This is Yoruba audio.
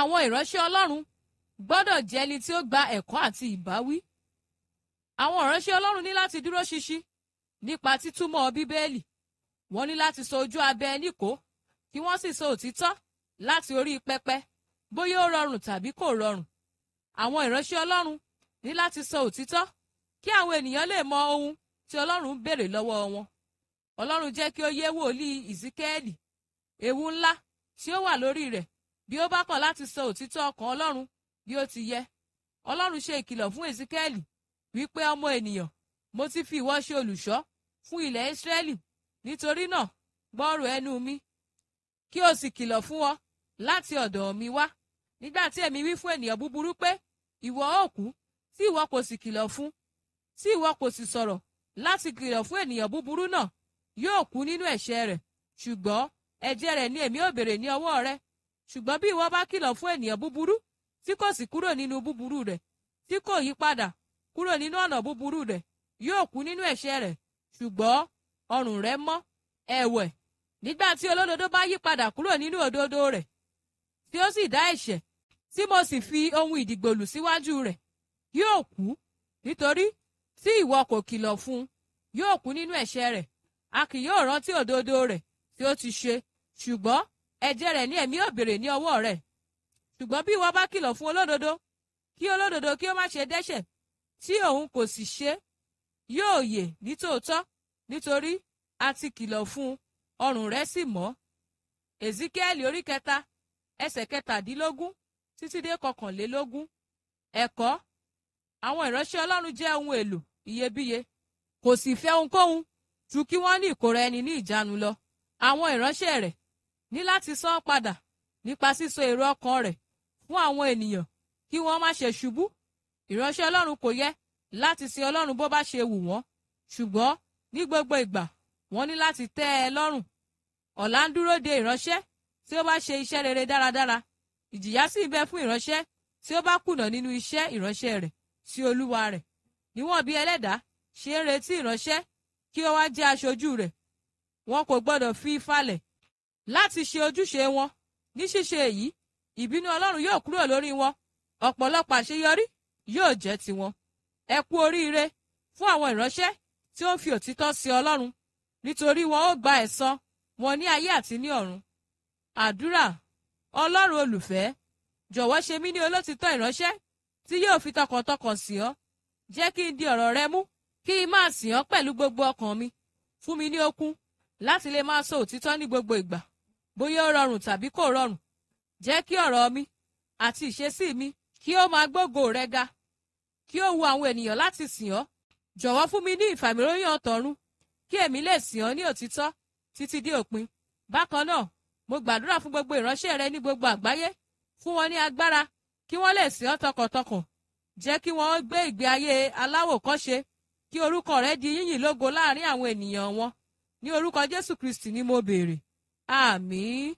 àwọn ìránṣẹ́ ọlọ́run gbọ́dọ̀ jẹ́ ẹni tí ó gba ẹ̀kọ́ àti ìbáwí. àwọn ìránṣẹ́ ọlọ́run ní láti dúró ṣinṣin nípa títúmọ̀ bíbélì wọ́n ní láti sọ ojú abẹ níkó kí wọ́n sì sọ òtítọ́ láti orí pẹpẹ bóyá ó rọrùn tàbí kò rọrùn. àwọn ìránṣẹ́ ọlọ́run ní láti sọ òtítọ́ kí àwọn ènìyàn lè mọ ohun tí ọlọ́run ń béèrè lọ́wọ́ wọn. ọlọ́run jẹ́ kí ó yé wòlíì ìsíkẹ́ẹ̀lì ewu ńlá tí ó wà lórí rẹ̀ bí ó bá kọ̀ láti sọ òtítọ́ ọkàn ọlọ́run bí ó ti yẹ ọlọ́run ṣe ìkìlọ̀ fún ezekiel wípé ọmọ ènìyàn mo ti fi ìwọ ṣe olùṣọ́ fún ilẹ̀ israẹli nítorí náà gbọ́rọ̀ ẹnu mi kí o sì kìlọ̀ fún wọn láti ọ̀dọ̀ mi wá nígbà tí èmi wí fún ènìyàn búburú pé ìwọ ó tí ìwọ kò sì kìlọ̀ fún tí ìwọ kò sì sọ̀rọ̀ láti kìlọ̀ fún ènìyàn búburú náà yóò kú nínú ẹ̀ṣẹ̀ rẹ̀ ṣùgbọ́n ẹ̀jẹ̀ rẹ̀ ni èmi ó béèrè ní ọwọ́ rẹ ṣùgbọ́n bí ìwọ bá kìlọ̀ fún ènìyàn búburú tí kò sì kúrò nínú búburú rẹ̀ tí kò yí padà kúrò nínú ọ̀nà búburú rẹ̀ yóò kú nínú ẹ̀ṣẹ̀ rẹ̀ ṣùgbọ́n ọrùn rẹ̀ mọ́ ẹ̀wẹ̀ nígbà tí olódodo bá yí padà kúrò nínú òdodo rẹ̀ tí ó sì dá ẹ̀ṣẹ̀ tí mo sì fi ohun ìdìgbòlù síwájú rẹ̀ yóò kú nítorí tí ìwọ kò kìlọ̀ fún un yóò kú nínú ẹ̀ṣẹ̀ rẹ̀ a kì yóò rántí òdodo rẹ̀ tí ó ti ṣe ṣùgbọ́n ẹ̀jẹ̀ rẹ̀ ní ẹ̀mí ò béèrè ní ọwọ́ rẹ̀ ṣùgbọ́n bí ìwọ bá kìlọ̀ fún olódodo kí olódodo kí ó má ṣe dẹ́ṣẹ̀ tí òun kò sì ṣe yóò yè ní tòótọ́ nítorí a ti kìlọ̀ fún un ọrùn rẹ̀ sì mọ́ Èzíkíẹ́lì orí kẹta ẹsẹ̀ kẹtàdínlógún títí dé kọkànlélógún ẹ̀kọ́ àwọn ìránṣẹ́ Ọlọ́run jẹ́ ohun èlò iyebíye kò sì fẹ́ ohunkóhun ju kí wọ́n ní ìkóra ẹni ní ìjánu lọ àwọn ìránṣẹ́ rẹ̀ ní láti san padà nípa sísọ èrò ọkàn rẹ̀ fún àwọn ènìyàn kí wọ́n má ṣe ṣubú ìránṣẹ́ ọlọ́run kò yẹ láti sin ọlọ́run bó bá ṣe wù wọ́n ṣùgbọ́n ní gbogbo ìgbà wọ́n ní láti tẹ́ ẹ lọ́rùn ọ̀la ń dúró de ìránṣẹ́ tí ó bá ṣe iṣẹ́ rere dáradára ìjìyà sì ń bẹ fún ìránṣẹ́ tí ó bá kùnà nínú iṣẹ́ ìránṣẹ́ rẹ̀ sí olúwa rẹ̀ níwọ̀n bí ẹlẹ́dàá ṣe ń retí ìránṣẹ́ kí ó wá jẹ́ aṣojú rẹ̀ wọn kò gbọ́dọ̀ fi falẹ̀ láti ṣe ojúṣe wọn ní ṣíṣe èyí ìbínú ọlọ́run yóò kúrò lórí wọn ọ̀pọ̀lọpọ̀ àṣeyọrí yóò jẹ́ tiwọn ẹ kú oríire fún àwọn ìránṣẹ́ tí ó ń fi òtítọ́ sí ọlọ́run nítorí wọn ó gba ẹ̀san wọn ní ayé àti ní ọ̀run àdúrà ọlọ́run olùfẹ́ jọ̀wọ́ ṣe mí ní olótìtọ́ ìránṣẹ́ tí yóò fi tọkàntọkàn sìn ọ́ jẹ́ kí n di ọ̀rọ̀ rẹ mú kí n máa sìn ọ́ pẹ̀lú gbogbo ọkàn mi fún mi ní okun láti lè máa sọ òtítọ́ ní gbogbo ìgbà bóyá ó rọrùn tàbí kò rọrùn jẹ́ kí ọ̀rọ̀ mi àti ìṣesí mi kí ó máa gbógo rẹ ga kí ó wu àwọn ènìyàn láti sìn ọ́ jọ̀wọ́ fún mi ní ìfàmìlóyún ọ̀tọ̀run kí èmi lè sìn ọ́ ní òtítọ́ títí dé òpin bákan náà mo gbàdúrà fún gbogbo ìránṣẹ́ rẹ ní gbogbo àgbáyé fún wọn ní agbára kí wọ́n lè sìn ọ́ tọkàntọkàn jẹ́ kí wọ́n gbé ìgbé ayé aláwòkọ́ṣe kí orúkọ rẹ di yíyìn lógo láàrin àwọn ènìyàn wọn ní orúkọ Jésù Kristi ni mo béèrè 阿弥。